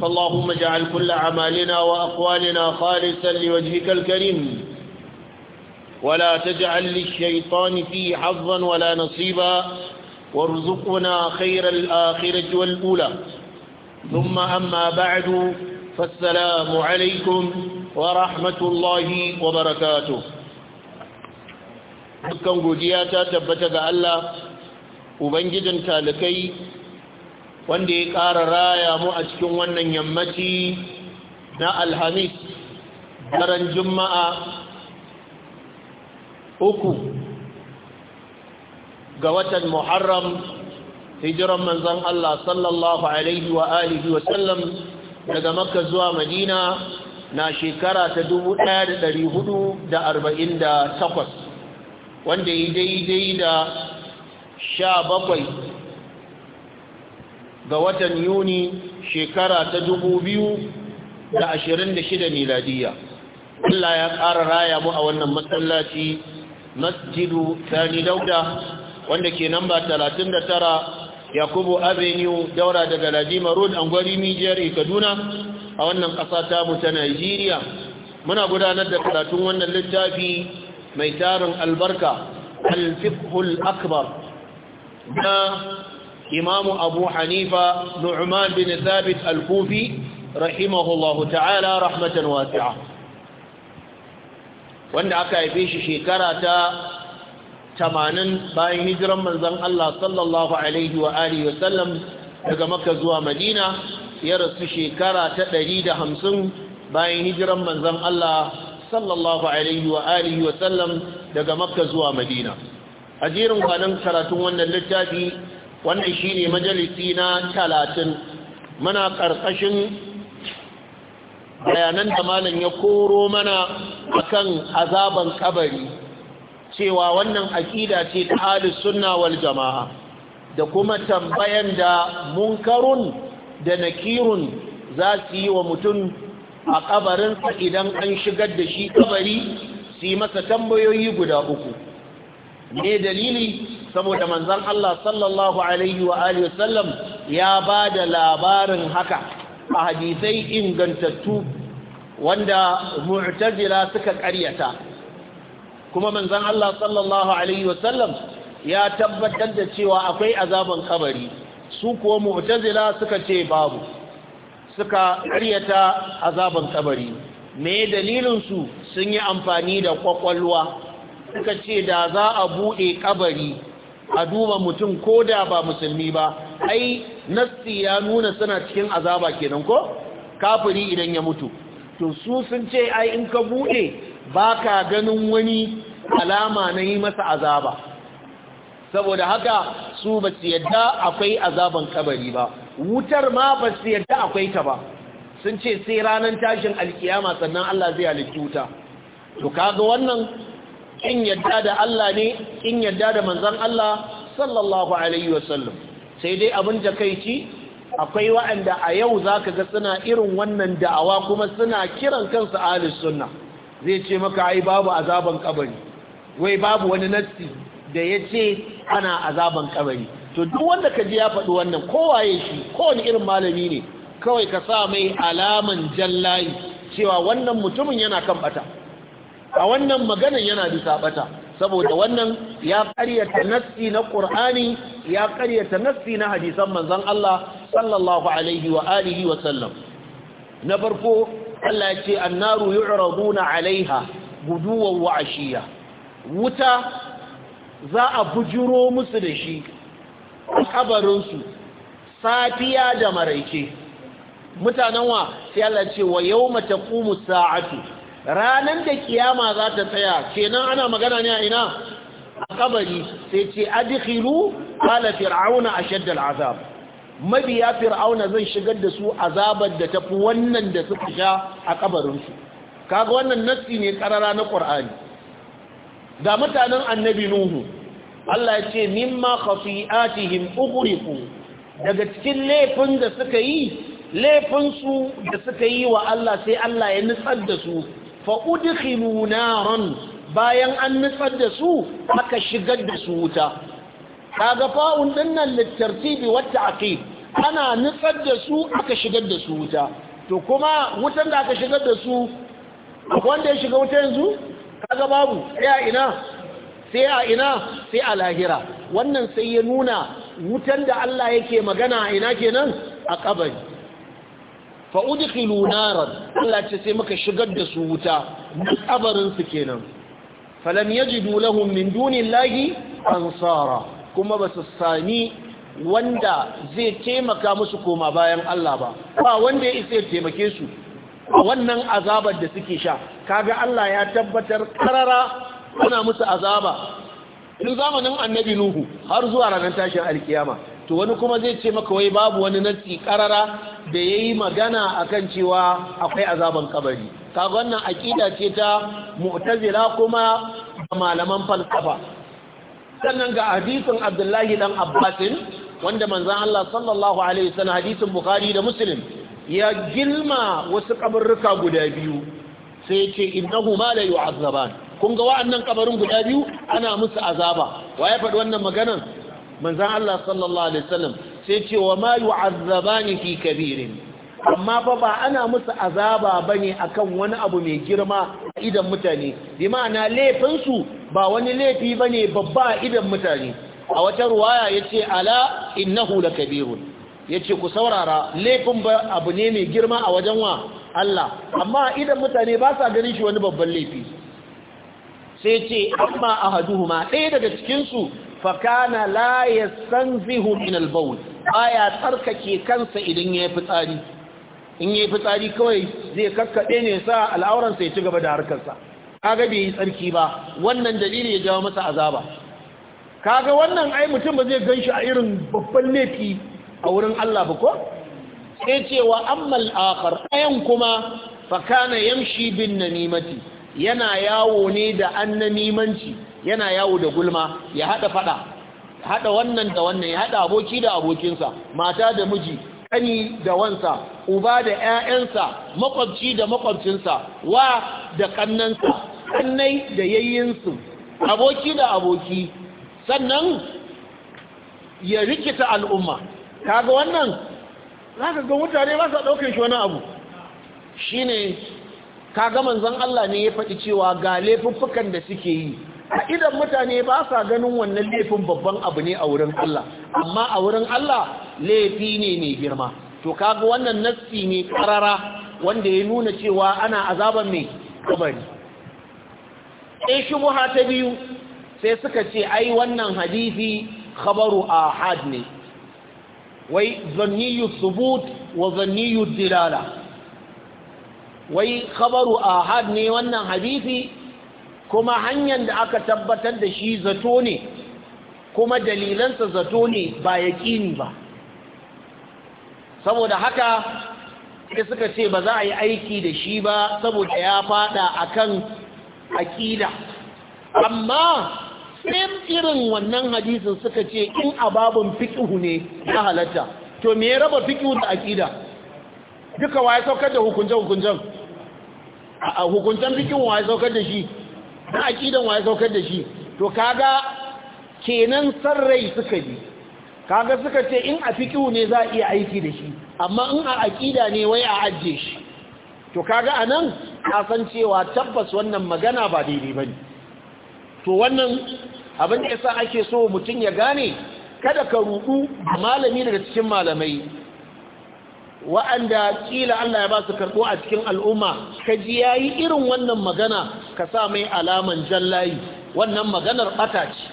فاللهم اجعل كل عمالنا وأقوالنا خالصا لوجهك الكريم ولا تجعل للشيطان فيه حظا ولا نصيبا وارزقنا خير الآخرة والأولى ثم أما بعد فالسلام عليكم ورحمة الله وبركاته dukkan godiya ta tabbata ga wanda ya ƙara raya mu a cikin wannan yammaci na alhamis daren juma'a uku ga watan muharram hijiran manzan Allah sallallahu alaihi wa alihi wa sallam daga makka zuwa madina na shekara ta takwas, wanda ya daidai da sha bakwai ga watan yuni shekara ta dubu biyu da ashirin da shida miladiya Allah ya ƙara raya mu a wannan masallaci masjidu sani dauda wanda ke namba talatin da tara yakubu avenue daura daga ladima road mijiyar kaduna a wannan ƙasa tamu ta nigeria muna gudanar da karatun wannan littafi mai tarin albarka alfikhul akbar na imamu abu hanifa nu'man bin thabit al-kufi rahimahullahu ta'ala rahmatan wasi'a wanda aka haife shi shekara ta tamanin bayan hijiran manzon Allah sallallahu alaihi wa alihi wa sallam daga Makka zuwa Madina ya rasu shekara ta ɗari da hamsin bayan hijiran manzon Allah sallallahu alaihi wa alihi wa sallam daga Makka zuwa Madina a jerin kwanan karatun wannan littafi wannan shine majalisi na talatin muna ƙarƙashin bayanan da malam ya koro mana akan azaban ƙabari. cewa wannan aƙida ce ta ahlus sunna wal jama'a da kuma tambayan da munkarun da nakirun za su yi wa mutum a kabarinsa idan an shigar da shi ƙabari su yi masa tambayoyi guda uku ne dalili saboda manzon Allah sallallahu alaihi wa alihi labarin haka a hadisai ingantattu wanda mu'tazila suka ƙaryata kuma manzan Allah sallallahu alaihi wasallam ya tabbatar da cewa akwai azaban kabari su kuwa mu'tazila suka ce babu suka ƙaryata azaban kabari me dalilin su sun yi amfani da kwakwalwa suka ce da za a buɗe kabari a duba mutum ko da ba musulmi ba ai nassi ya nuna suna cikin azaba kenan ko kafiri idan ya mutu to su sun ce ai in ka bude baka ganin wani alama na yi masa azaba saboda haka su ba su yadda akwai azaban kabari ba wutar ma ba su yadda akwai ta ba sun ce sai ranar tashin alkiyama sannan Allah zai halitta wuta to kaga wannan in yadda da Allah ne in yadda da manzan Allah sallallahu alaihi wasallam sai dai abin jakaici akwai waɗanda a yau zaka ga suna irin wannan da'awa kuma suna kiran kansu ahlus sunna zai ce maka ai babu azaban kabari wai babu wani nassi da yace ana azaban kabari to duk wanda ka ji ya faɗi wannan kowaye shi kowane irin malami ne kawai ka sa mai alaman jallayi cewa wannan mutumin yana kan bata a wannan maganan yana bisa bata saboda wannan ya karyata nassi na Qur'ani ya karyata nassi na hadisan manzon Allah sallallahu alaihi wa alihi wa sallam na farko Allah ya ce annaru yu'raduna alaiha guduwan wa ashiya wuta za a bujiro musu da shi kabarinsu safiya da maraice mutanen wa sai Allah ce wa yawma taqumu sa'atu ranan da kiyama za ta tsaya kenan ana magana ne a ina a kabari sai ce adkhilu qala fir'auna ashadd azab. mabiya fir'auna zan shigar da su azabar da tafi wannan da suka sha a kabarin su kaga wannan nassi ne karara na qur'ani ga mutanen annabi nuhu Allah ya ce mimma khasi'atihim ughriqu daga cikin laifin da suka yi laifin su da suka yi wa Allah sai Allah ya nutsar da su fa'udikhilu naran bayan an nutsar da su aka shigar da su wuta kaga fa'un dinnan littartibi wata ake, ana nutsar da su aka shigar da su wuta to kuma wutan da aka shigar da su wanda ya shiga wuta yanzu kaga babu sai a ina sai a ina sai a lahira wannan sai ya nuna wutan da Allah yake magana a ina kenan a kabari fa'udikhilu naran Allah ce sai muka shigar da su wuta abarinsu kenan falam yajidu lahum min dunillahi ansara kuma basu sami wanda zai taimaka musu koma bayan Allah ba ba wanda ya isa ya taimake su wannan azabar da suke sha kaga Allah ya tabbatar karara ana musu azaba In zamanin annabi nuhu har zuwa ranar tashin alkiyama to wani kuma zai ce maka wai babu wani nasi karara da ya yi magana a kan cewa akwai azaban kabari kaga wannan aƙida ce ta mu'tazila kuma da malaman falsafa sannan ga hadisin Abdullahi dan Abbasin wanda manzon Allah sallallahu alaihi wasallam hadisin Bukhari da Muslim ya gilma wasu kabarruka guda biyu sai ce innahu ma la yu'azzaban kun ga wa'annan kabarin guda biyu ana musu azaba wa ya faɗi wannan maganan manzan Allah sallallahu alaihi wasallam sai ce wa ma yu'azzabani fi kabirin amma fa ba ana musu azaba ne akan wani abu mai girma idan mutane bi ma'ana laifin su ba wani laifi ne babba idan mutane a wata ruwaya yace ala innahu Ya yace ku saurara laifin ba abu ne mai girma a wajen wa Allah amma idan mutane ba sa ganin shi wani babban laifi sai ce amma ma ɗaya daga cikin su fakana la yastanzihu min albawl baya tsarkake kansa idan yayi fitsari in yayi fitsari kawai zai kakkade ne sa al'auransa ya ci gaba da harkarsa. sa kaga bai yi tsarki ba wannan dalili ya jawo masa azaba kaga wannan ai mutum ba zai ganshi a irin babban laifi a wurin Allah ba ko sai cewa ammal akhar ɗayan kuma fakana yamshi bin namimati yana yawo ne da annamimanci yana yawo da gulma ya hada fada hada wannan da wannan ya hada aboki da abokinsa mata da miji kani da wansa uba da ƴaƴansa makwabci da makwabcinsa wa da kannansa kannai da yayyinsu aboki da aboki sannan ya rikita al'umma kaga wannan zaka ga mutane ba su daukar shi wani abu shine kaga manzon Allah ne ya faɗi cewa ga laifuffukan da suke yi a idan mutane ba sa ganin wannan laifin babban abu ne a wurin Allah amma a wurin Allah laifi ne mai girma to kaga wannan nassi ne karara wanda ya nuna cewa ana azaban mai kabari sai shubha ta biyu sai suka ce ai wannan hadisi khabaru ahad ne wai zanniyu thubut wa zanniyu dilala wai khabaru ahad ne wannan hadisi kuma hanyar da aka tabbatar da shi zato ne kuma dalilansa zato ne ba yaƙini ba saboda haka sai suka ce ba za a yi aiki da shi ba saboda ya fada kan aƙida amma same irin wannan hadisun suka ce in ababin fiƙihu ne na halatta to me raba fiƙihu da aƙida duka wa ya saukar da hukuncen hukuncen a hukuncen fiƙihu ya saukar da shi na wa waye saukar da shi to kaga kenan sarrai suka yi kaga suka ce in a fiqhu ne za a iya aiki da shi amma in a aƙida ne wai a ajiye shi to kaga anan ka san cewa tabbas wannan magana ba daidai bane to wannan abin da yasa ake so mutum ya gane kada ka rudu malami daga cikin malamai wa'anda kila Allah ya ba su karɓo a cikin al'umma ka ji ya yi irin wannan magana ka sa mai alaman jan layi, wannan maganar ɓata ce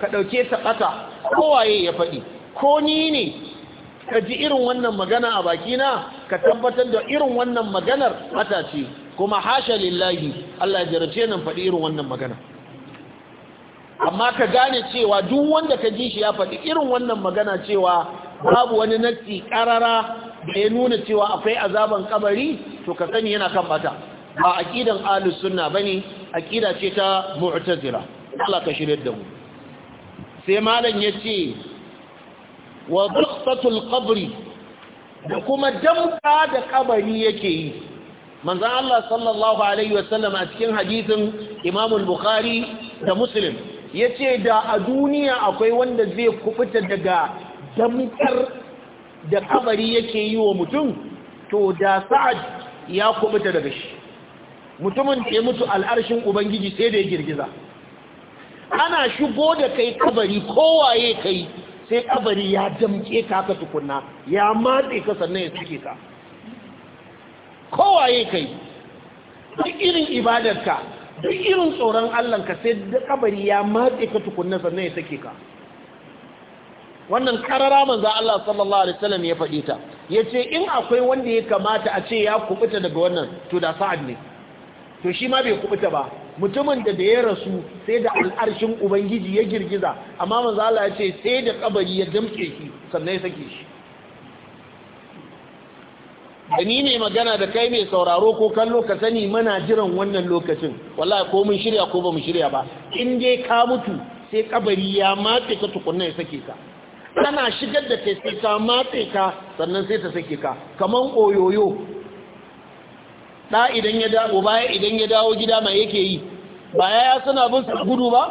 ka ɗauke ta ɓata kowaye ya faɗi ko ni ne ka ji irin wannan magana a bakina ka tabbatar da irin wannan maganar ɓata ce kuma hasha lillahi Allah ya jarace nan faɗi irin wannan magana amma ka gane cewa duk wanda ka ji shi ya faɗi irin wannan magana cewa babu wani nassi karara da ya nuna cewa akwai azaban kabari to ka sani yana kan bata ba aqidan ahlus sunna bane aqida ce ta mu'tazila Allah ka shirye da mu sai malam yace wa dhaqatul qabri da kuma damka da kabari yake yi manzon Allah sallallahu alaihi wasallam a cikin hadisin Imam al-Bukhari da Muslim yace da a duniya akwai wanda zai kubuta daga damkar da kabari yake yi wa mutum to da sa'ad ya kubuta daga shi mutumin da ya mutu al'arshin ubangiji sai da ya girgiza ana shigo da kai kabari kowaye kai sai kabari ya damke ka ka tukunna ya matse ka sannan ya suke ka kowaye kai duk irin ibadarka duk irin tsoron allanka sai da kabari ya matse ka tukunna sannan ya sake ka wannan karara manzo Allah sallallahu alaihi wasallam ya faɗi ta yace in akwai wanda ya kamata a ce ya kubuta daga wannan to da sa'ad ne to shi ma bai kubuta ba mutumin da da ya rasu sai da al'arshin ubangiji ya girgiza amma manzo Allah ya ce sai da kabari ya damke shi sannan ya sake shi da ne magana da kai mai sauraro ko kallo ka sani mana jiran wannan lokacin wallahi ko mun shirya ko ba mu shirya ba in dai ka mutu sai kabari ya matse ka tukunna ya sake ka tana shigar da kai sai ta matse ka sannan sai ta sake ka kaman oyoyo idan ya dawo baya idan ya dawo gida mai yake yi ba ya suna bin su gudu ba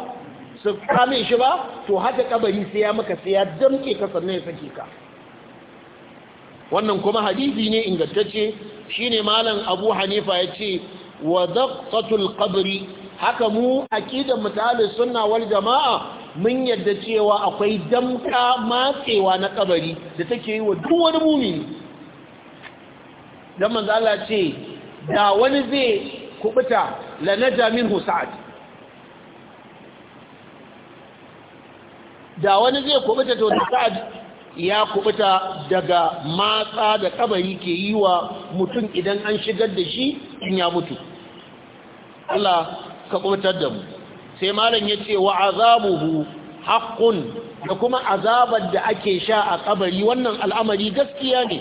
su kame shi ba to haka kabari sai ya maka sai ya damke ka sannan ya sake ka wannan kuma hadisi ne ingantacce ne malam Abu Hanifa ya ce wa daqqatul qabri haka mu aqidan mutalis sunna wal jamaa mun yadda cewa akwai damka matsewa na kabari da take yi wa duk wani mumini don manzo Allah ce da wani zai kubuta la naja da wani zai kubuta to sa'ad ya kubuta daga matsa da kabari ke yi wa mutum idan an shigar da shi in ya mutu Allah ka kubutar da mu sai malam ya ce wa azabuhu haqqun da kuma azabar da ake sha a kabari wannan al'amari gaskiya ne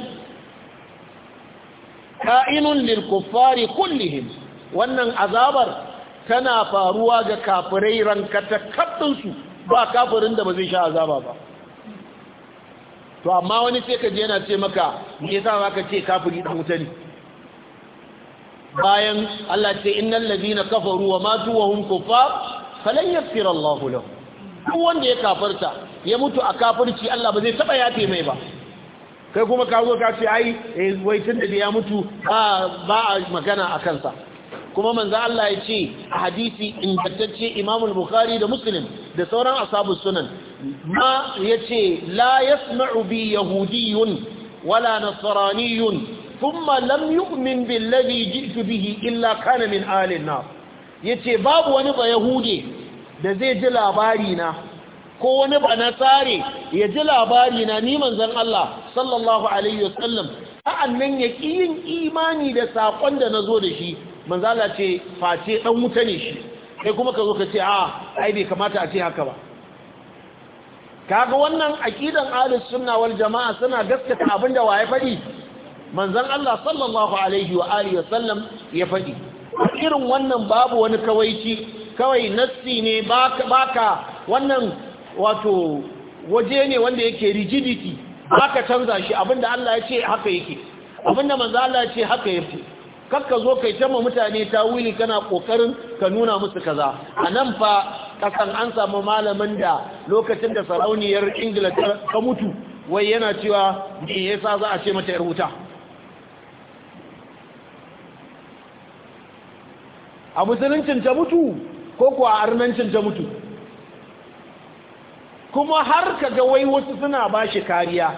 ka'inun lil kuffari kullihim wannan azabar tana faruwa ga kafirai rankata su ba kafirin da ba zai sha azaba ba to amma wani sai ka je yana ce maka me yasa zaka ce kafiri dan wuta ne bayan Allah ce innal ladina kafaru wa matu wa hum kuffar falan yaghfira Allahu lahu duk wanda ya kafarta ya mutu a kafirci Allah ba zai taba yafe mai ba kai kuma ka zo ka ce ai eh, wai tun da ya mutu ba a magana a kansa kuma manzo Allah ya ce a hadisi ingantacce Imam bukhari da Muslim da sauran ashabu sunan ma yace la yasma'u bi yahudiyyun wala nasraniyyun thumma lam yu'min billadhi ji'tu bihi illa kana min ahli an-nar ya ce babu wani ba yahude da zai ji labari na ko wani ba na tsare ya ji labari na ni zan Allah sallallahu alaihi wasallam sa'annan ya ƙi yin imani da saƙon da na zo da shi manzala ce face ɗan wuta ne shi kai kuma ka zo ka ce a ai bai kamata a ce haka ba kaga wannan aƙidan alis sunnawar wal jamaa suna gaskata abinda ya faɗi manzan Allah sallallahu alaihi wa alihi ya faɗi. irin wannan babu wani kawaici kawai nassi ne baka wannan wato waje ne wanda yake rigidity baka canza shi abinda Allah ya ce haka yake abinda manzo Allah ya ce haka yake kakka zo kai tamma mutane tawili kana kokarin ka nuna musu kaza anan fa kasan an samu malamin da lokacin da sarauniyar Ingila ta mutu wai yana cewa me yasa za a ce mata yar wuta a musuluncin ta mutu ko kuwa a arnancin ta mutu kuma har ka ga wai wasu suna ba shi kariya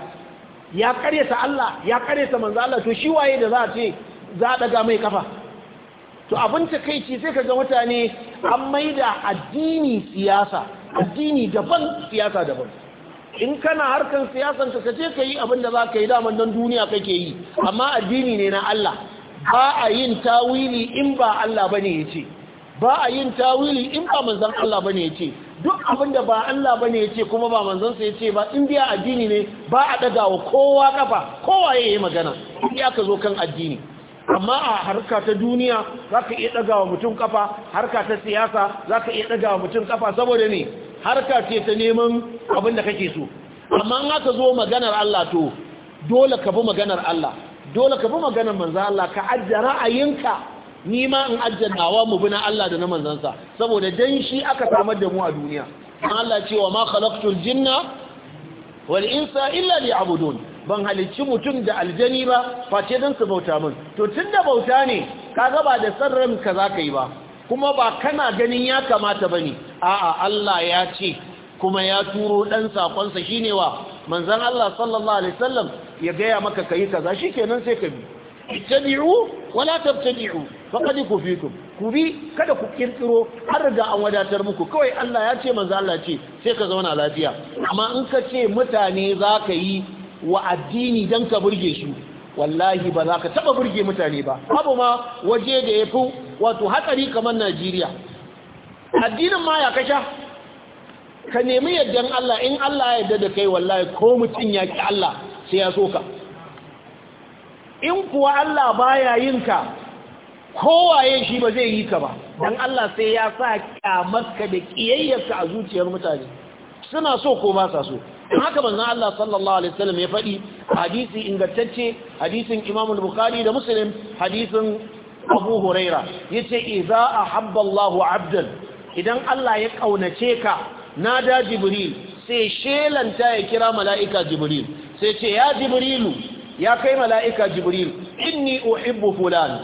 ya karyata Allah ya karyata manzo Allah to shi waye da za a ce za a daga mai kafa to abin ta ce sai ka ga mutane an mai da addini siyasa addini daban siyasa daban in kana harkan siyasan ka ce ka yi abin da za ka yi daman don duniya kake yi amma addini ne na Allah ba a yin tawili in ba Allah bane ce, ba a yin tawili in ba manzan Allah bane ce, duk abinda ba Allah bane ce kuma ba manzon ya ce ba in biya addini ne ba a wa kowa kafa kowa ya yi magana in ka zo kan addini amma a harka ta duniya za ka iya wa mutum kafa harka ta siyasa za ka iya wa mutum kafa saboda ne harka ce ta neman abin abinda kake so amma in aka zo maganar Allah to dole ka bi maganar Allah dole ka bi maganar manzan Allah ka ajje ra'ayinka ni ma in ajje nawa mu bi na Allah da na manzansa saboda dan shi aka samar da mu a duniya dan Allah cewa ma khalaqtul jinna wal insa illa liya'budun ban halicci mutum da aljani ba face dan su bauta min to tun da bauta ne kaga ba da sarran ka yi ba kuma ba kana ganin ya kamata ne. a'a Allah ya ce kuma ya turo ɗan sakonsa shine wa manzan Allah sallallahu alaihi wasallam ya gaya maka kayi kaza kenan sai ka bi ittabi'u wala tabtadi'u faqad kufitum ku bi kada ku kirkiro har ga an wadatar muku kawai Allah ya ce manzo Allah ce sai ka zauna lafiya amma in ka ce mutane za ka yi wa addini dan ka burge su wallahi ba za ka taba burge mutane ba abu ma waje da yafi wato hatsari kamar Najeriya addinin ma ya kasha ka nemi yaddan Allah in Allah ya yarda da kai wallahi ko mutun ya ki Allah sai ya in kuwa Allah baya yin ka kowaye shi ba zai yi ka ba dan Allah sai ya sa kyamarka da kiyayyarka a zuciyar mutane suna so ko ba sa so haka manzon Allah sallallahu alaihi wasallam ya faɗi hadisi ingantacce hadisin Imam al-Bukhari da Muslim hadisin Abu Huraira yace idza ahabba Allahu 'abdan idan Allah ya kaunace ka na da Jibril sai shelanta ya kira mala'ika Jibril sai ce ya jibrilu ya kai mala'ika jibril inni uhibbu fulan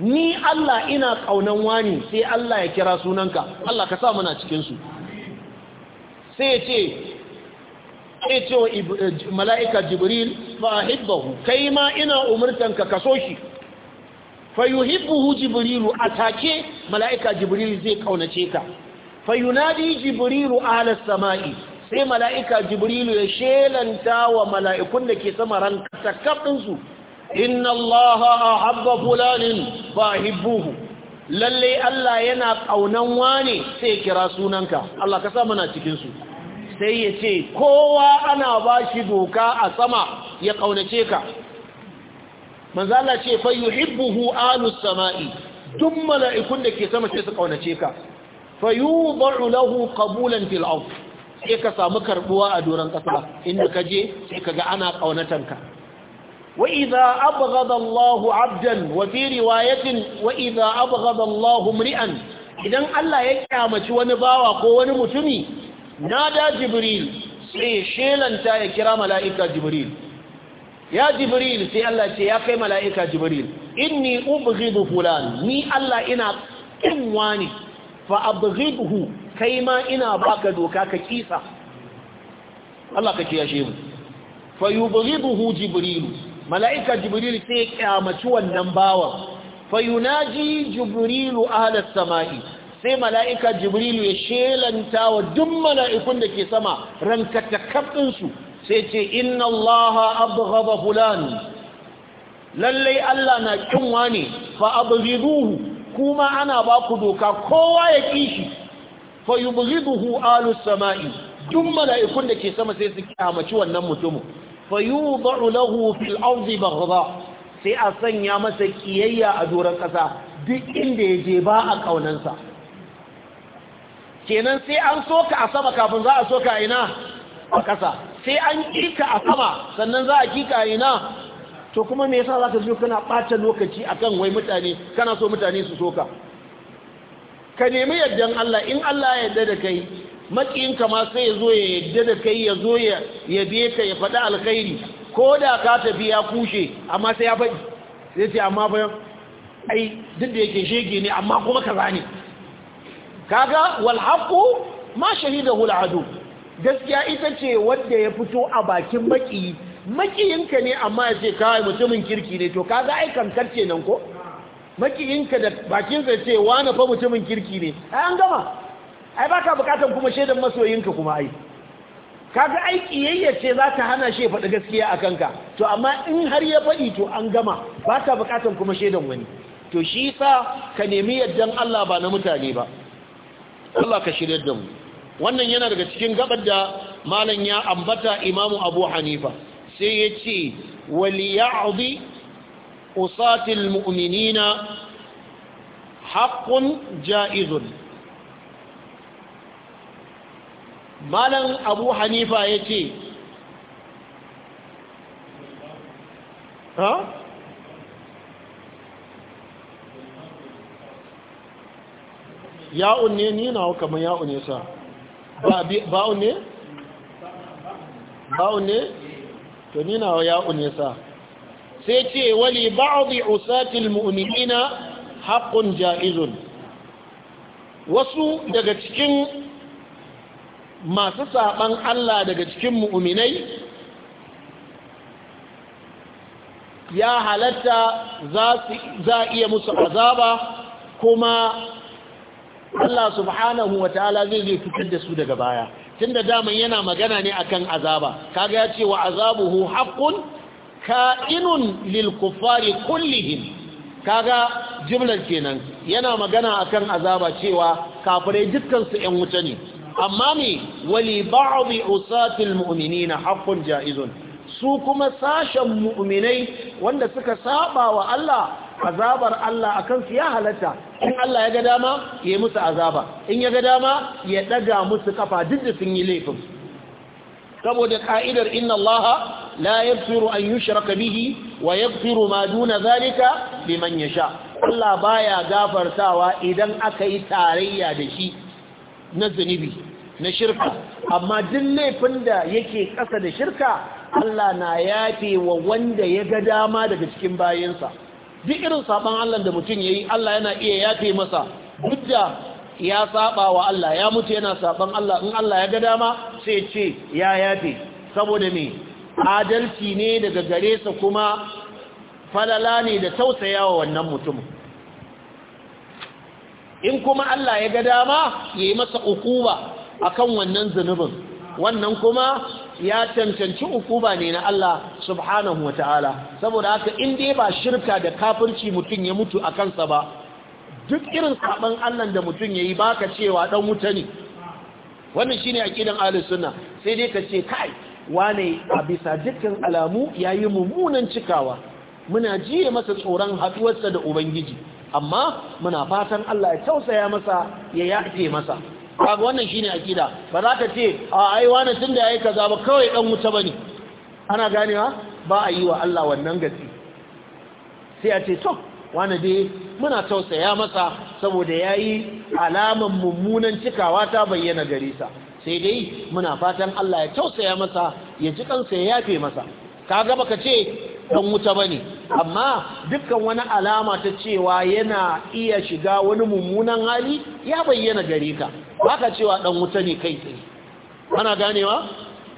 ni Allah ina ƙaunan wani sai Allah ya kira sunanka Allah ka sa muna cikinsu. su sai ce sai ce wa eh, mala'ika jibril fa ahibbahu kai ma ina umurtanka ka so shi fa yuhibbuhu a take mala'ika jibril zai ƙaunace ka fa yunadi jibrilu ala samai sai mala'ika jibrilu ya shelanta wa mala'ikun da ke sama ran kaɗinsu inna allaha ahabba fulanin ba hibbuhu lalle Allah yana ƙaunan wane sai kira sunanka Allah ka sa muna cikinsu. sai ya ce kowa ana bashi doka a sama ya ƙaunace ka manzo ce fa hibbuhu alus sama'i duk mala'ikun da ke sama sai su ƙaunace ka fayubu lahu qabulan fil sai ka samu karbuwa a doron kasa inda ka je sai ka ga ana kaunatanka wa idza abghada Allahu 'abdan wa fi riwayatin wa idza abghada Allahu mri'an idan Allah ya ƙyamaci wani bawa ko wani mutumi nada jibril sai shelanta ya kira mala'ika jibril ya jibril sai Allah ce ya kai mala'ika jibril inni ubghidu fulan ni Allah ina kin wani fa abghidhu kai ma ina baka doka ka kisa Allah ka kiyashe mu fa jibril malaika jibril sai ya kyamaci wannan bawan fa jibril ahla samai sai malaika jibril ya shelanta wa duk mala'ikun da ke sama rankatakabdin su sai ce inna allaha abghadha fulan lallai Allah na kinwa ne fa abghiduhu kuma ana ba ku doka kowa ya kishi fa yubghiduhu alus sama'i duk mala'ikun da ke sama sai su kiyamaci wannan mutumin fa yudau lahu fil ardi baghda sai a sanya masa kiyayya a doron kasa duk inda ya je ba a kaunansa kenan sai an soka a sama kafin za a soka ina a kasa sai an kika a sama sannan za a kika ina to kuma me yasa zaka zo kana bata lokaci akan wai mutane kana so mutane su soka ka nemi yardan Allah in Allah ya yarda da kai ka ma sai ya zo ya yarda da kai ya zo ya yabe ka ya faɗi alkhairi ko da ka tafi ya kushe amma sai ya faɗi zai ce amma fa ai duk da yake shege ne amma kuma kaza ne kaga wal haqu ma shahidahu al adu gaskiya ita ce wanda ya fito a bakin makiyi ka ne amma ya ce kai mutumin kirki ne to kaga ai kankarce nan ko makiyinka da bakinsa ce na fa mutumin kirki ne ai an gama ai ba ka bukatan kuma shaidan masoyinka kuma ai kaga aiki yayya ce za ta hana shi faɗi gaskiya a kanka to amma in har ya faɗi to an gama ba ka bukatan kuma shaidan wani to shi sa ka nemi yaddan Allah ba na mutane ba Allah ka shirya da mu wannan yana daga cikin gabar da malam ya ambata imamu abu hanifa sai ya ce Wali waliya'udi عصاة المؤمنين حق ja'izun. Malam أبو حنيفة يتي ها ya'un ne ni nawa kamar ya'un ne ba'un ne? ba'un ne? to ni nawa ya'un ne sai ce wali ba'adhi usatil mu'minina haƙun ja'izun wasu daga cikin masu saɓan Allah daga cikin mu'minai ya halatta za iya musu azaba kuma Allah subhanahu wa ta'ala zai zai fitar da su daga baya tunda daman yana magana ne akan azaba kaga ya ce wa azabuhu haqqun ka'inun lil kuffari kullihim kaga jumlar kenan yana magana akan azaba cewa kafirai dukkan su ƴan wuta ne amma me wali ba'dhi usatil mu'minina haqqun ja'izun su kuma sashen mu'minai wanda suka saba wa Allah azabar Allah a su ya halatta in Allah ya ga dama ya musu azaba in ya ga dama ya daga musu kafa duk da sun yi laifin saboda ka'idar inna Allaha. la yaghfiru an yushraka bihi wa yaghfiru ma duna zalika liman yasha Allah baya gafartawa idan aka yi tarayya da shi na zunubi na shirka amma duk laifin da yake ƙasa da shirka Allah na yafe wa wanda ya ga dama daga cikin bayansa duk irin saban Allah da mutum yayi Allah yana iya yafe masa duk da ya saba wa Allah ya mutu yana saban Allah in Allah ya ga dama sai ce ya yafe saboda mai. adalci ne daga gare sa kuma falala ne da tausaya wa wannan mutum in kuma Allah ya ga dama ya yi masa ukuba akan wannan zunubin wannan kuma ya cancanci ukuba ne na Allah subhanahu wata'ala saboda haka in dai ba shirka da kafirci mutum ya mutu a kansa ba duk irin saban Allah da mutum ya yi baka cewa dan wuta ne wannan shine akidan ahlus sunna sai dai ka ce kai wane a bisa dukkan alamu ya yi mummunan cikawa muna jiye masa tsoron haɗuwarsa da ubangiji amma muna fatan Allah ya tausaya masa ya yaƙe masa kaga wannan shine akida ba za ka ce a ai wani tun da yayi kaza ba kawai dan wuta bane ana ganewa ba a yi wa Allah wannan gaci sai a ce to wani dai muna tausaya masa saboda yayi alaman mummunan cikawa ta bayyana gare sai dai muna fatan Allah ya tausaya masa ya ji kansa ya yafe masa kaga baka ce dan wuta bane amma dukkan wani alama ta cewa yana iya shiga wani mummunan hali ya bayyana gare ka baka cewa dan wuta ne kai tsaye ana ganewa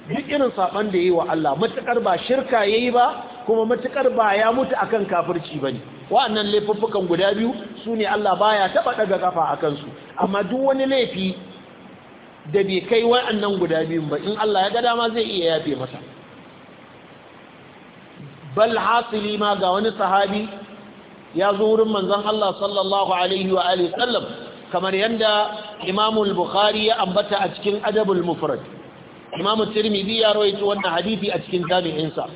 duk irin saban da yi wa Allah matukar ba shirka yayi ba kuma matukar ba ya mutu akan kafirci bane wa'annan laifuffukan guda biyu sune Allah baya taba daga kafa akan su amma duk wani laifi da bai kai wa'annan guda biyun ba in Allah ya ga dama zai iya yafe masa bal hasili ma ga wani sahabi ya zo wurin manzon Allah sallallahu alaihi wa alihi sallam kamar yanda Imam al-Bukhari ya ambata a cikin Adabul Mufrad Imam Tirmidhi ya rawaito wannan hadisi a cikin jami'insa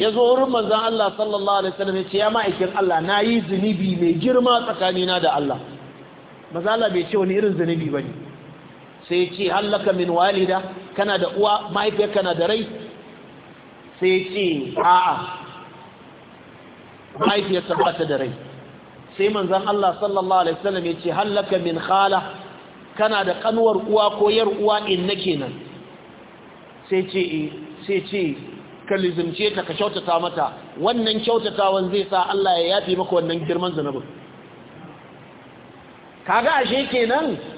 ya zo wurin manzon Allah sallallahu alaihi wasallam ya ce ya ma'aikin Allah nayi zunubi mai girma tsakanina da Allah mazala bai ce wani irin zunubi bane sai ce hallaka min walida kana da uwa mahaifiyar kana da rai sai ce a'a mahaifiyarsa ba ta da rai sai manzan Allah sallallahu alaihi wasallam ya ce hallaka min khala kana da kanuwar uwa ko yar uwa in nake nan sai ce eh, sai ce ka lizimce ta ka kyautata mata wannan kyautatawan zai sa Allah ya yafi maka wannan girman zanabin kaga ashe kenan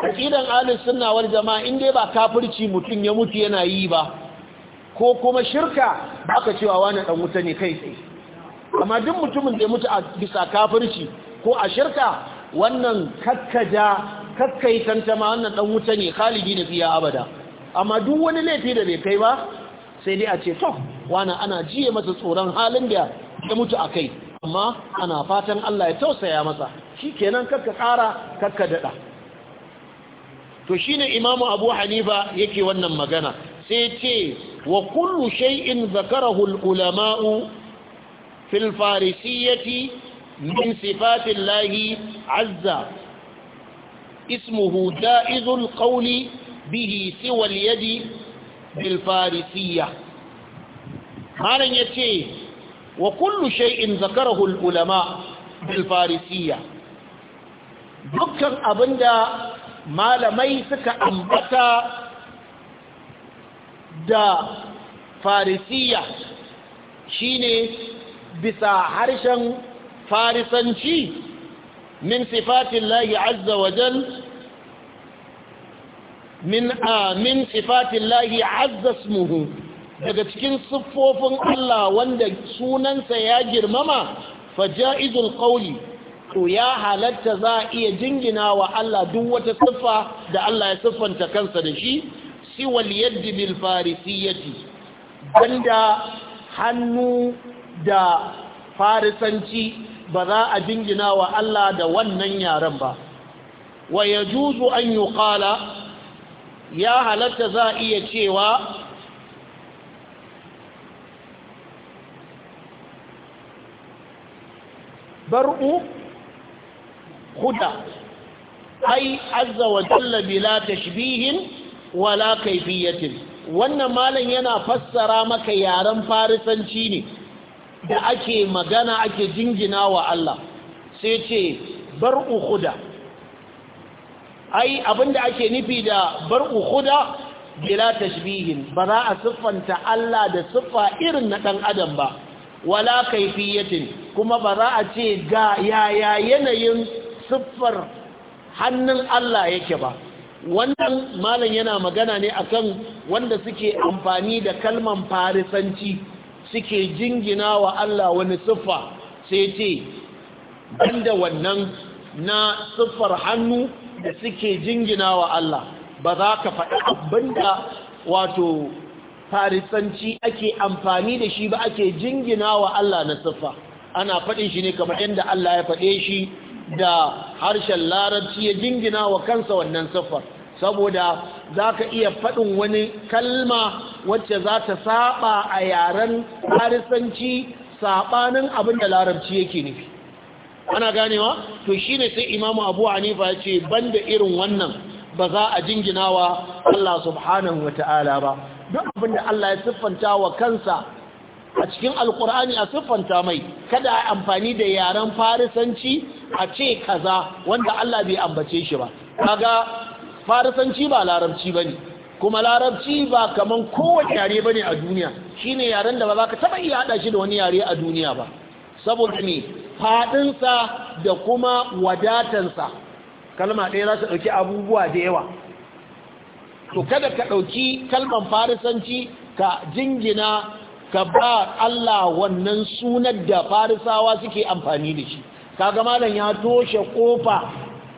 aƙidan alin suna wani jama'a inda dai ba kafirci mutum ya mutu yana yi ba ko kuma shirka ba ka cewa wani dan wuta ne kai tsaye amma duk mutumin da ya mutu a bisa kafirci ko a shirka wannan kakkaja kakkai tantama wannan dan wuta ne khalidi da fiya abada amma duk wani laifi da bai kai ba sai dai a ce to wani ana jiye masa tsoron halin da ya mutu a kai amma ana fatan Allah ya tausaya masa shi kenan kakka kara kakka daɗa. to shine imamu abu hanifa yake wannan magana sai ce wa kullu shay'in zakarahu al-ulama'u fil farisiyyati min sifatillahi azza ismuhu jaizul qawli bihi siwa al-yadi bil farisiyya haran yace wa kullu shay'in zakarahu al-ulama bil farisiyya dukkan abinda malamai suka ambata da farisiya shine bisa harshen farisanci min sifatin lahi azza wajen, min amin ah, sifatin lahi azza smuhu daga cikin siffofin Allah wanda sunansa ya girmama faja'izul qawli to ya halatta za a iya jingina wa Allah duk wata siffa da Allah ya siffanta kansa da shi siwal yadda bil farisiyyati banda hannu da farisanci ba za a jingina wa Allah da wannan yaren ba wa juzu an kala? ya halatta za a iya cewa bar'u huda ai azza wa jalla bila tashbihin wala kayfiyatin wannan malam yana fassara maka yaren farisanci ne da ake magana ake jingina wa Allah sai ce bar'u huda ai abinda ake nufi da bar'u huda bila tashbihin ba za a siffanta Allah da siffa irin na dan adam ba wala kaifiyatin kuma ba za a ce ga yaya yanayin siffar hannun Allah yake ba wannan malam yana magana ne akan wanda suke amfani da kalman farisanci suke jingina wa Allah wani siffa sai ce banda wannan na siffar hannu da suke jingina wa Allah ba za ka faɗi abinda wato farisanci ake amfani da shi ba ake jingina wa Allah na siffa ana faɗin shi ne kamar yadda Allah ya faɗe shi da harshen larabci ya jingina wa kansa wannan siffar saboda za ka iya faɗin wani kalma wacce za ta saba a yaren harisanci saɓanin abin da larabci yake nufi ana ganewa to shi ne sai imamu abu hanifa ya ce da irin wannan ba za a jingina wa Allah subhanahu wa ba duk abin da Allah ya siffanta wa kansa a cikin alkur'ani a siffanta mai kada a amfani da yaren farisanci a ce kaza wanda Allah bai ambace shi ba kaga farisanci ba larabci ba ne, kuma larabci ba kaman kowace yare ba ne a duniya Shi ne yaren da ba za ka taba iya hada shi da wani yare a duniya ba saboda ne faɗinsa da kuma wadatansa kalma ɗaya za ta ɗauki abubuwa da yawa to kada ka ɗauki kalman farisanci ka jingina ka ba Allah wannan sunan da farisawa suke amfani da shi kaga malam ya toshe kofa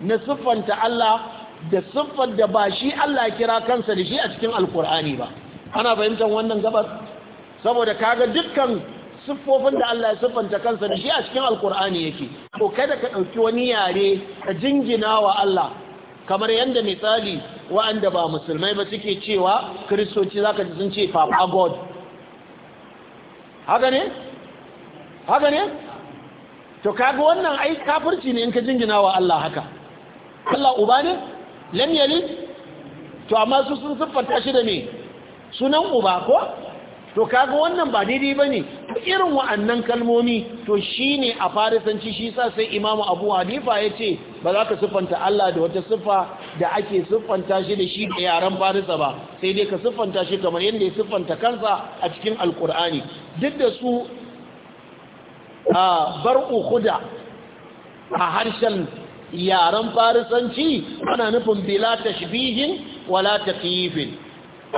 na siffanta Allah da siffar da ba shi Allah kira kansa da shi a cikin alkur'ani ba ana fahimtar wannan gabar saboda kaga dukkan siffofin da Allah ya siffanta kansa da shi a cikin alkur'ani yake to kada ka ɗauki wani yare ka jingina wa Allah kamar yadda misali wa'anda ba musulmai ba suke cewa kiristoci zaka ji sun ce papa god haka ne haka ne to kaga wannan ai kafirci ne in ka jingina wa Allah haka Allah uba ne lam yalid to amma su sun siffanta shi da me sunan uba ko to kaga wannan ba daidai ba ne. irin wa'annan kalmomi to shine a farisanci shi sa sai imamu abu hanifa ya ce ba za ka siffanta Allah da wata siffa da ake siffanta shi da shi da yaren farisa ba sai dai ka siffanta shi kamar yadda ya siffanta kansa a cikin alkur'ani duk da su a bar'u huda a harshen yaren farisanci ana nufin bila tashbihin wala taqyifin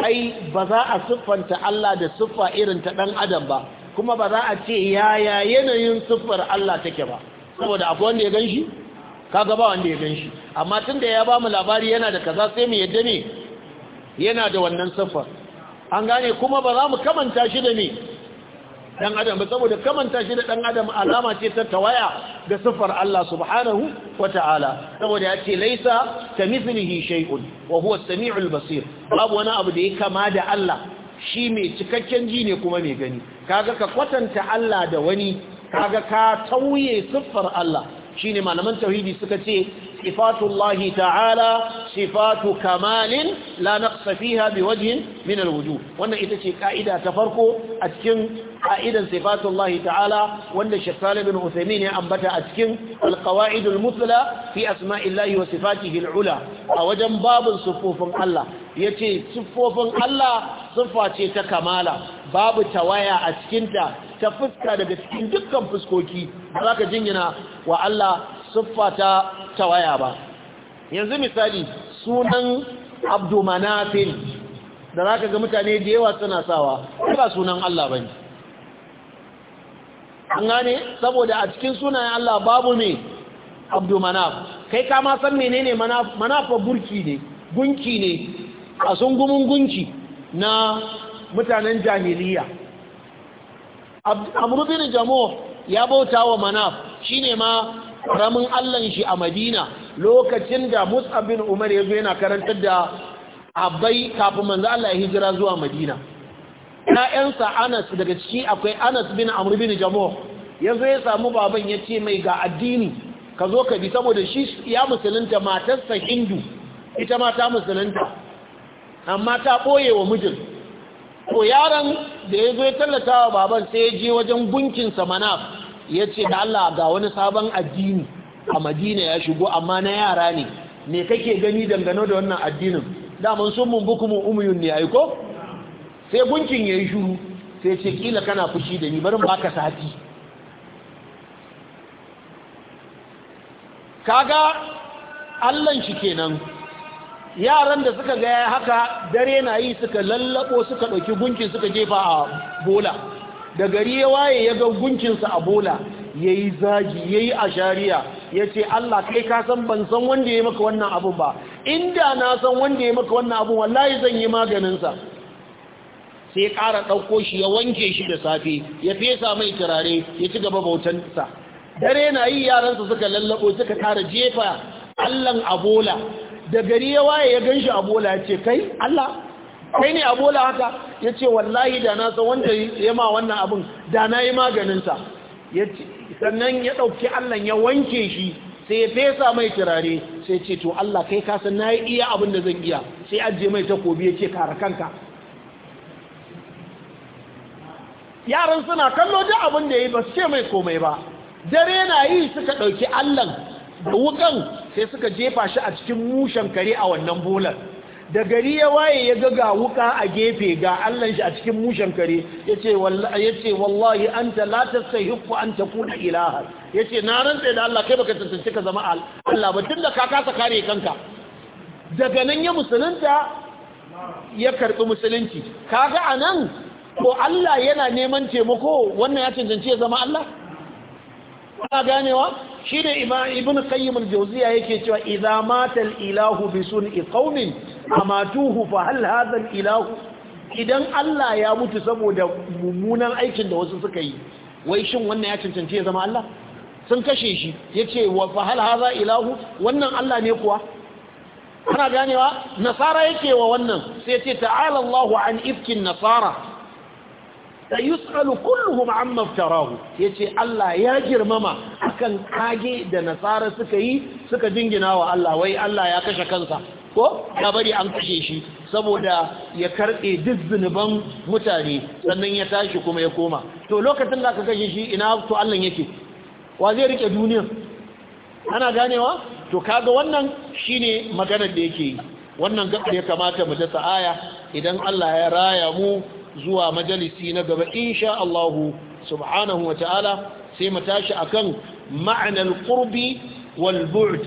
ai ba za a siffanta Allah da siffa irin ta dan adam ba kuma ba za a ce yaya yanayin siffar Allah take ba saboda akwai wanda ya gan shi kaga ba wanda ya gan shi amma tun da ya ba mu labari yana da kaza sai mu yadda ne yana da wannan siffar an gane kuma ba za mu kamanta shi da ne dan adam saboda kamanta shi da dan adam alama ce ta tawaya ga siffar Allah subhanahu wata'ala saboda yace laisa kamithlihi shay'un wa huwa as-sami'ul basir babu wani abu da ya kama da Allah shi mai cikakken ji ne kuma mai gani kaga ka kwatanta Allah da wani kaga ka tauye siffar Allah shine malaman tauhidi suka ce sifatullahi ta'ala sifatu kamalin la naqsa fiha biwajhin min alwujuh wannan ita ce kaida ta farko a cikin kaidan sifatullahi ta'ala wanda Sheikh Salih bin ya ambata a cikin alqawaid almuthla fi asma'illahi wa sifatihi alula a wajen babu sufufin Allah yace sufufin Allah siffa ce ta kamala babu tawaya a cikinta ta fuska daga cikin dukkan fuskoki ba jinyana ka wa Allah siffa tawaya ba yanzu misali sunan abdu da za ka ga mutane da yawa suna sawa ba sunan Allah ba ne an saboda a cikin sunayen Allah babu ne abdu kai kai ma san menene ne manafa burki ne gunki ne a sungumin gunki na mutanen jahiliya amrubin jamo ya bauta wa manaf shi ne ma ramin allan shi a madina lokacin da Musa bin umar ya zo yana karantar da abai kafin manzo Allah ya hijira zuwa madina ƴaƴansa anas daga ciki akwai anas bin amr bin jamuh ya zo ya samu baban ya ce mai ga addini ka zo ka bi saboda shi ya musulunta matarsa hindu ita ma ta musulunta amma ta ɓoye wa mijin ko yaron da ya zo ya tallata wa baban sai ya je wajen gunkinsa manaf ya ce da Allah ga wani sabon addini a madina ya shigo amma na yara ne me kake gani dangane da wannan addinin daman sun mun buku mun umuyun ne ko sai gunkin ya yi shuru sai ce kila kana fushi da ni barin baka sati kaga allan shi kenan yaran da suka ga haka dare na yi suka lallabo suka ɗauki gunkin suka jefa a bola da gari ya waye ya ga gunkinsa a bola ya yi zagi ya yi ashariya ya ce Allah kai ka san ban san wanda ya maka wannan abun ba inda na san wanda ya maka wannan abun wallahi zan yi maganinsa sai kara ɗauko shi ya wanke shi da safe ya fesa mai turare ya ci gaba bautan sa dare na yi yaransa suka lallaɓo suka tara jefa allan abola da gari ya waye ya gan shi abola ya ce kai Allah Sai ne a bola haka ya ce wallahi da na san wanda ya ma wannan abin da na yi maganinsa sannan ya ɗauki allah ya wanke shi sai ya fesa mai turare sai ce to allah kai kasan na yi iya abin da zan iya sai ajiye mai takobi ya ce kara kanka yaran suna kallo duk abin da ya yi ba su ce mai komai ba dare na yi suka ɗauki allan da wukan sai suka jefa shi a cikin mushen kare a wannan bolar da gari ya waye ya ga ga wuka a gefe ga allan shi a cikin mushen kare yace wallahi yace wallahi anta la tastahiqu an takuna ilaha yace na rantsa da Allah kai baka tantance ka zama Allah ba tunda ka kasa kare kanka daga nan ya musulunta ya karbi musulunci kaga anan ko Allah yana neman taimako wannan ya cancanci ya zama Allah ana ganewa shi ne ibn qayyim al-jawziya yake cewa idza mata al-ilahu bi sun'i qaumin amatuhu fa hal hadha ilahu idan Allah ya mutu saboda mummunan aikin da wasu suka yi wai shin wannan ya cancanci ya zama Allah sun kashe shi yace wa fa hal hadha ilahu wannan Allah ne kuwa kana ganewa nasara yake wa wannan sai yace ta'ala Allahu an ifkin nasara da yus'alu kulluhum amma iftarahu yace Allah ya girmama akan kage da nasara suka yi suka dingina wa Allah wai Allah ya kashe kansa ko ya bari an kashe shi saboda ya karɓe duk zunuban mutane sannan ya tashi kuma ya koma to lokacin da aka kashe shi ina to Allah yake wa zai rike duniya ana ganewa to kaga wannan shine maganar da yake yi wannan gabar ya kamata mu dasa aya idan Allah ya raya mu zuwa majalisi na gaba insha Allah subhanahu wa ta'ala sai mu tashi akan ma'anar qurbi wal bu'd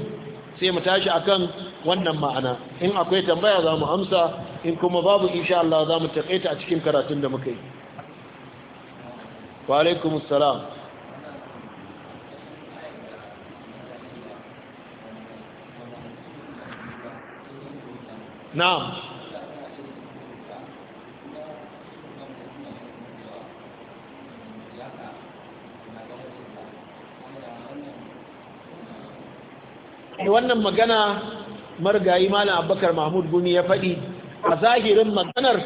sai mu tashi akan wannan ma'ana in akwai tambaya za mu amsa in kuma babu insha Allah za mu taƙaita a cikin karatun da muka yi wa alaikum salam na'am eh, wannan magana margayi malam abubakar mahmud guni ya faɗi a zahirin maganar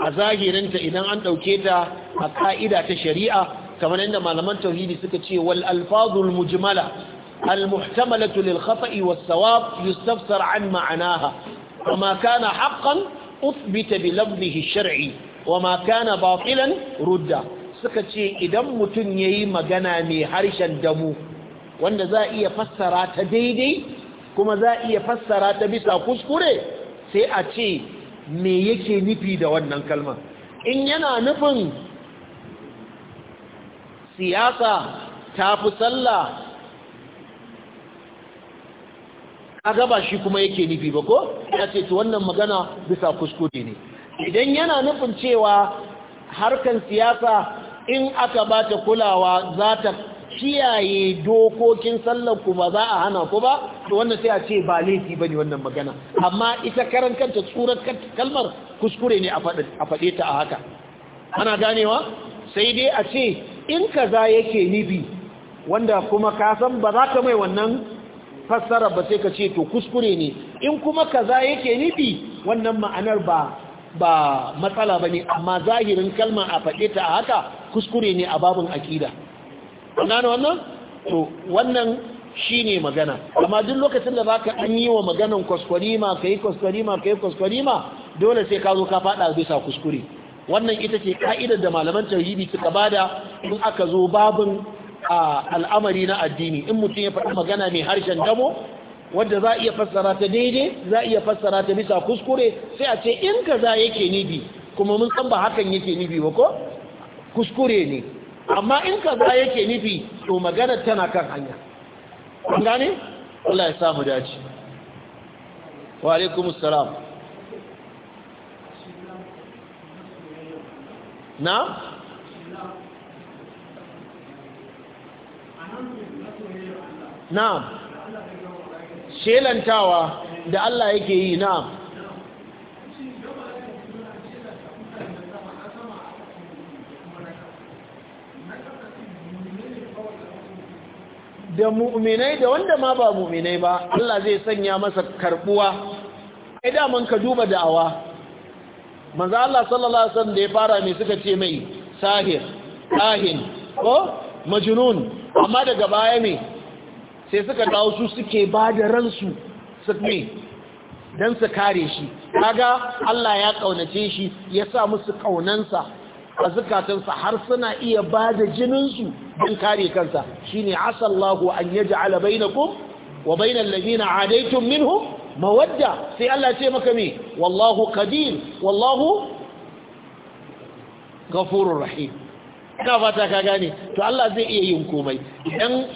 a zahirinta idan an ɗauke ta a ƙa'ida ta shari'a kamar yadda malaman tauhidi suka ce wal alfazul mujmala al muhtamalatu lil khata'i was sawab yustafsar an ma'anaha وما كان bi أثبت بلفظه الشرعي وما كان باطلا rudda suka ce idan mutum ya yi magana mai harshen damu wanda za a iya fassara ta daidai kuma za a iya fassara ta bisa kuskure sai a ce me yake nufi da wannan kalma in yana nufin siyasa ta fi sallah a gaba shi kuma yake nufi ba ko ya ce wannan magana bisa kuskure ne idan yana nufin cewa harkan siyasa in aka ba ta kulawa za ta kiyaye dokokin sallar ku ba za a hana ku ba to wannan sai a ce ba laifi bane wannan magana amma ita karan kanta tsurar kalmar kuskure ne a faɗe ta a haka ana ganewa sai dai a ce in kaza yake nibi wanda kuma ka san ba za ka mai wannan fassara ba sai ka ce to kuskure ne in kuma kaza yake nibi wannan ma'anar ba ba matsala bane amma zahirin kalma a faɗe ta a haka kuskure ne a babin akida gano wannan to wannan shine magana amma duk lokacin da zaka an yi wa maganan kwaskwarima kai kwaskwarima kai kwaskwarima dole sai ka zo ka fada bisa kuskure wannan ita ce ka'idar da malaman ka suka bada in aka zo babin al'amari na addini in mutum ya faɗi magana mai harshen damo wadda za a iya fassara ta daidai za a iya fassara ta bisa kuskure sai a ce in kaza yake nibi kuma mun san ba hakan yake nibi ba ko kuskure ne amma in kaza yake nufi to maganar tana kan hanya kun gane Allah ya samu dace wa alaikumus salam na na shelantawa da Allah yake yi na da mu'minai da wanda ma ba mu'minai ba Allah zai sanya masa karbuwa ai daman ka duba da'awa manzo Allah sallallahu alaihi wasallam da ya fara mai suka ce mai sahir ahin ko majnun amma daga baya me sai suka dawo su suke ba da ransu su me dan su kare shi kaga Allah ya kaunace shi ya sa musu kaunansa a zukatansa har suna iya ba da jininsu don kare kansa shi ne asallahu an yaji alabai na wa bainan a adaitun minhum mawadda sai Allah ce maka mai wallahu kadir wallahu gafurur rahim ina fata ka gane to Allah zai iya yin komai idan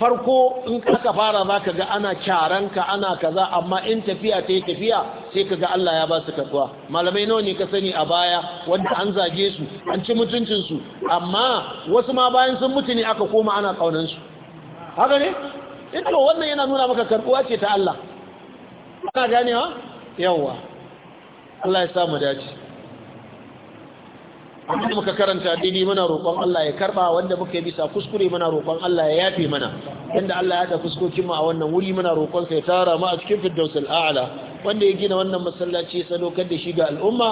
farko in aka fara za ka ga ana kyaranka ana kaza amma in tafiya ta yi tafiya sai ka ga Allah ya ba su karbuwa malamai nawa ne ka sani a baya wanda an zage su an ci mutuncinsu amma wasu ma bayan sun mutu ne aka koma ana ƙaunansu haka ne? ito wannan yana nuna maka karbuwa ce ta Allah ana ganewa? yawwa Allah ya samu dace wanda muka karanta daidai muna roƙon Allah ya karɓa, wanda muka yi bisa kuskure mana roƙon Allah ya yafe mana inda Allah ya da fuskokin mu a wannan wuri muna roƙon sa ya tara mu a cikin firdausul a'la wanda ya gina wannan masallaci sadaukar da shi ga al'umma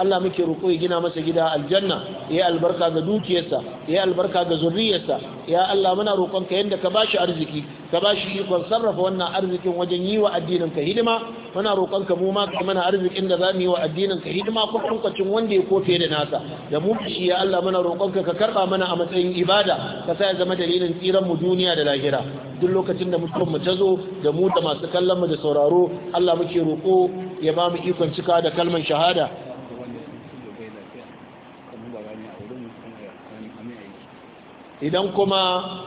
Allah muke roƙo ya gina masa gida aljanna ya albarka ga dukiyarsa ya albarka ga zurriyarsa ya Allah muna roƙon ka yanda ka bashi arziki ka bashi ikon sarrafa wannan arzikin wajen yi wa addinin ka hidima muna roƙon ka mu ma ka mana arzikin da zamu yi wa addinin ka hidima ko lokacin wanda ya kofe da nasa da mu shi ya Allah muna roƙon ka ka karba mana a matsayin ibada ka sa ya zama dalilin tsiran mu duniya da lahira duk lokacin da mutum mu ta zo da mu da masu kallon mu da sauraro Allah muke roƙo ya ba mu ikon cika da kalman shahada idan kuma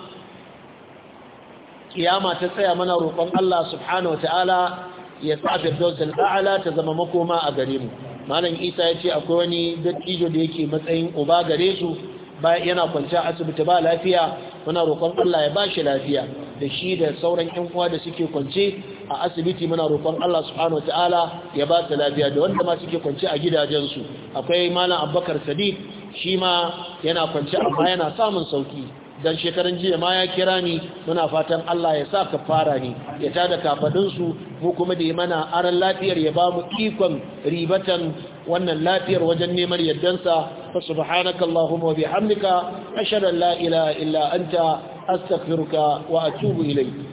kiyama ta tsaya mana roƙon Allah subhanahu ta'ala ya sa firdausul a'la ta zama makoma a gare mu malam Isa ya ce akwai wani dattijo da yake matsayin uba gare su ba yana kwanciya asibiti ba lafiya muna roƙon Allah ya bashi lafiya da shi da sauran 'yan uwa da suke kwance a asibiti muna roƙon Allah subhanahu ta'ala ya ba su lafiya da wanda ma suke kwance a gidajensu akwai malam Abubakar Sadiq shi ma yana kwanci amma yana samun sauki dan shekaran jiya ma ya kira ni muna fatan Allah ya sa ka fara ni ya tada kafadinsu mu kuma da mana aran lafiyar ya ba mu ikon ribatan wannan lafiyar wajen neman yardansa fa subhanaka allahumma wa bihamdika ashhadu an la ilaha illa anta astaghfiruka wa atubu ilayk